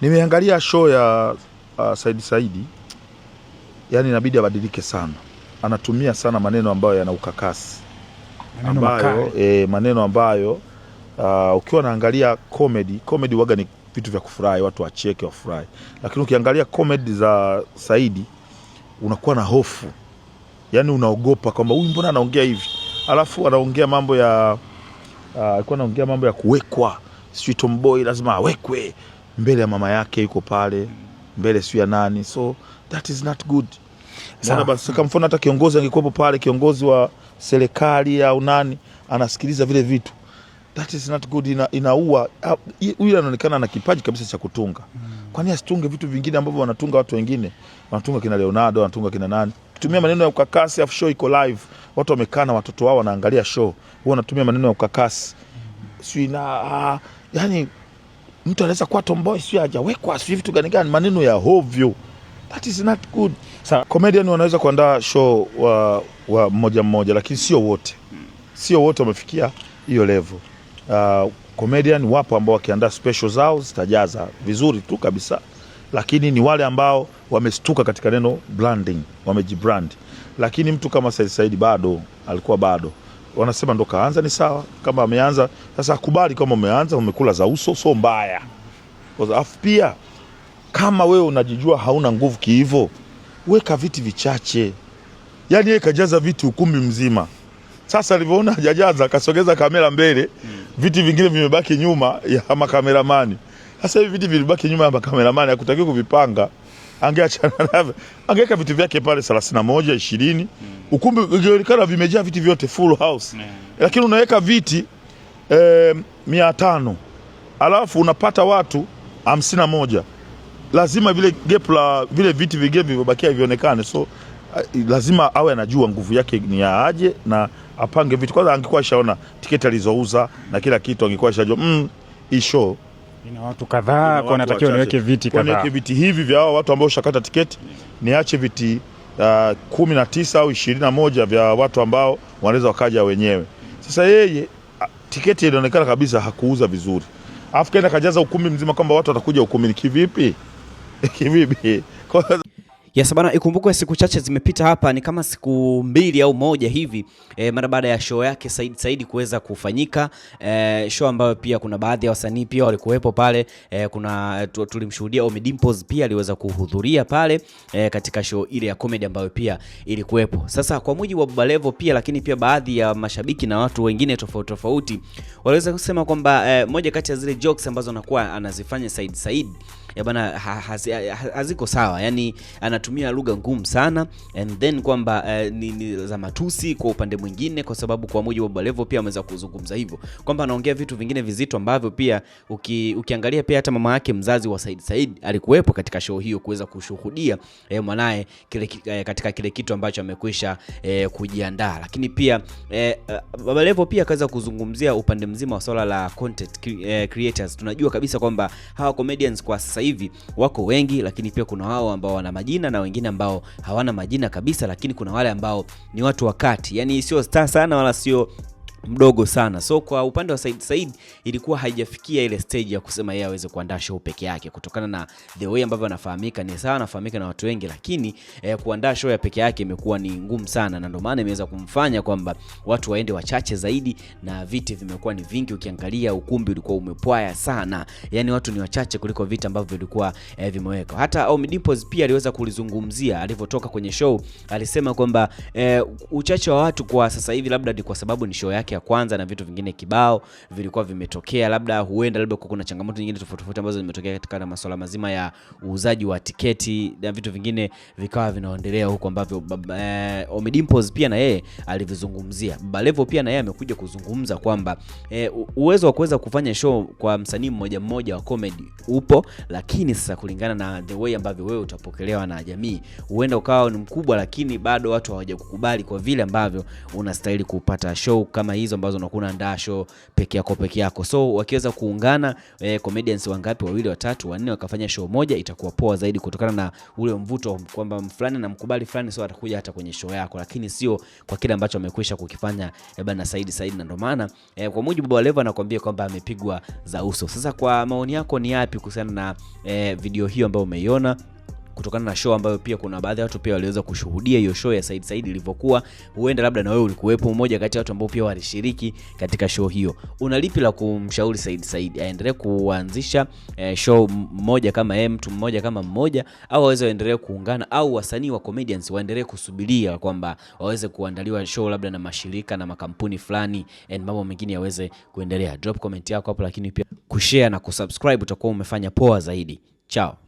Nimeangalia show ya uh, Said Saidi, yaani inabidi abadilike sana, anatumia sana maneno ambayo yana ukakasi ambayo e, maneno ambayo uh, ukiwa naangalia comedy comedy waga ni vitu vya kufurahi, watu wacheke wafurahi, lakini ukiangalia comedy za Saidi unakuwa na hofu, yaani unaogopa kwamba huyu mbona anaongea hivi, alafu anaongea mambo ya uh, alikuwa uh, anaongea mambo ya kuwekwa sijui tomboy lazima awekwe mbele ya mama yake yuko pale mbele sio ya nani, so that is not good. sana basi Mfano hata kiongozi angekuwepo pale, kiongozi wa serikali au nani anasikiliza vile vitu, that is not good. Ina, inaua ah, huyu. Anaonekana ana kipaji kabisa cha kutunga, hmm. kwani asitunge vitu vingine ambavyo wanatunga watu wengine? Wanatunga kina Leonardo, wanatunga kina nani, tumia maneno ya ukakasi, afu show iko live, watu wamekaa na watoto wao wanaangalia show, wao wanatumia maneno ya ukakasi, hmm. sio ina ah, yani mtu anaweza kuwa tomboy, sio hajawekwa, sio vitu gani gani, maneno ya hovyo. That is not good. Sa comedian wanaweza kuandaa show wa, wa mmoja mmoja, lakini sio wote, sio wote wamefikia hiyo level. Uh, comedian wapo ambao wakiandaa special zao zitajaza vizuri tu kabisa, lakini ni wale ambao wamestuka katika neno branding, wamejibrand. Lakini mtu kama Said Said bado alikuwa bado wanasema ndo kaanza, ni sawa. Kama ameanza sasa, akubali kama umeanza, umekula za uso, so mbaya. Alafu pia kama wewe unajijua hauna nguvu kiivo, weka viti vichache, yani yeye kajaza viti ukumbi mzima. Sasa alivyoona hajajaza akasogeza kamera mbele, viti vingine vimebaki nyuma ya makameramani. Sasa hivi viti vilibaki nyuma ya makameramani, hakutakiwa kuvipanga angeachana navyo, angeweka vitu vyake pale 31 20. Ukumbi ungeonekana vimejaa viti vyote full house, lakini unaweka viti eh, mia tano alafu unapata watu hamsini na moja lazima vile gap la vile viti vigeni vilivyobakia vionekane. So eh, lazima awe anajua nguvu yake ni ya aje na apange vitu kwanza. Angekuwa ashaona tiketi alizouza na kila kitu, angekuwa ashajua mm, hii show ina watu kadhaa, kwa natakiwa niweke viti kadhaa, niweke viti hivi vya hao watu ambao ushakata tiketi, niache viti uh, kumi na tisa au ishirini na moja vya watu ambao wanaweza wakaja wenyewe. Sasa yeye tiketi ilionekana kabisa hakuuza vizuri, afu kaenda kajaza ukumbi mzima kwamba watu watakuja ukumbi. Kivipi? Kivipi? Yes bana, ikumbukwe siku chache zimepita hapa, ni kama siku mbili au moja hivi e, mara baada ya show yake Said Said kuweza kufanyika e, show ambayo pia kuna baadhi ya wasanii pia walikuwepo pale e, kuna tulimshuhudia Ommy Dimpoz pia aliweza kuhudhuria pale e, katika show ile ya comedy ambayo pia ilikuwepo. Sasa kwa mujibu wa Baba Levo pia, lakini pia baadhi ya mashabiki na watu wengine tofauti tofauti waliweza kusema kwamba e, moja kati ya zile jokes ambazo anakuwa anazifanya Said Said ya bana haziko ha, ha, ha, sawa yani anatu wanatumia lugha ngumu sana and then kwamba uh, ni, ni za matusi kwa upande mwingine, kwa sababu kwa mujibu wa Balevo pia ameweza kuzungumza hivyo kwamba anaongea vitu vingine vizito ambavyo pia uki, ukiangalia pia hata mama yake mzazi wa Said Said alikuwepo katika show hiyo kuweza kushuhudia eh, mwanaye kile, eh, katika kile kitu ambacho amekwisha eh, kujiandaa, lakini pia eh, eh Balevo pia akaweza kuzungumzia upande mzima wa swala la content eh, creators. Tunajua kabisa kwamba hawa comedians kwa sasa hivi wako wengi, lakini pia kuna wao ambao wana majina majina na wengine ambao hawana majina kabisa, lakini kuna wale ambao ni watu wakati yani sio star sana wala sio mdogo sana. So kwa upande wa Said Said ilikuwa haijafikia ile stage ya kusema yeye aweze kuandaa show peke yake kutokana na the way ambavyo anafahamika. Ni sawa anafahamika na watu wengi, lakini eh, kuandaa show ya peke yake imekuwa ni ngumu sana, na ndio maana imeweza kumfanya kwamba watu waende wachache zaidi, na viti vimekuwa ni vingi. Ukiangalia ukumbi ulikuwa umepwaya sana, yani watu ni wachache kuliko viti ambavyo vilikuwa eh, vimewekwa. Hata Ommy Dimpoz pia aliweza kulizungumzia alivyotoka kwenye show, alisema kwamba eh, uchache wa watu kwa sasa hivi labda ni kwa sababu ni show yake yake ya kwanza na vitu vingine kibao vilikuwa vimetokea, labda huenda labda kuna changamoto nyingine tofauti tofauti ambazo zimetokea katika masuala mazima ya uuzaji wa tiketi na vitu vingine vikawa vinaendelea huko ambavyo eh, Ommy Dimpoz pia na yeye alivizungumzia. Baba Levo pia na yeye amekuja kuzungumza kwamba eh, uwezo wa kuweza kufanya show kwa msanii mmoja mmoja wa comedy upo, lakini sasa kulingana na the way ambavyo wewe utapokelewa na jamii, huenda ukawa ni mkubwa, lakini bado watu hawajakukubali kwa vile ambavyo unastahili kupata show kama hizo ambazo unakuwa unaandaa show peke yako peke yako. So wakiweza kuungana eh, comedians wangapi, wawili, watatu, wanne, wakafanya show moja, itakuwa poa zaidi kutokana na ule mvuto kwamba fulani na mkubali fulani, so atakuja hata kwenye show yako, lakini sio kwa kile ambacho amekwisha kukifanya eh, bana Saidi Saidi. Na ndio maana eh, kwa mujibu wa Levo anakuambia kwamba amepigwa za uso. Sasa kwa maoni yako ni yapi kuhusiana na eh, video hiyo ambayo umeiona? kutokana na show ambayo pia kuna baadhi ya watu pia waliweza kushuhudia hiyo show ya Said Said ilivyokuwa. Huenda labda na wewe ulikuwepo, mmoja kati ya watu ambao pia walishiriki katika show hiyo. Una lipi la kumshauri Said Said aendelee kuanzisha eh, show mmoja kama yeye, mtu mmoja kama mmoja, au waweze waendelee kuungana, au wasanii wa comedians waendelee kusubiria kwamba waweze kuandaliwa show labda na mashirika na makampuni fulani, and mambo mengine yaweze kuendelea? Drop comment yako hapo, lakini pia kushare na kusubscribe utakuwa umefanya poa zaidi. Chao.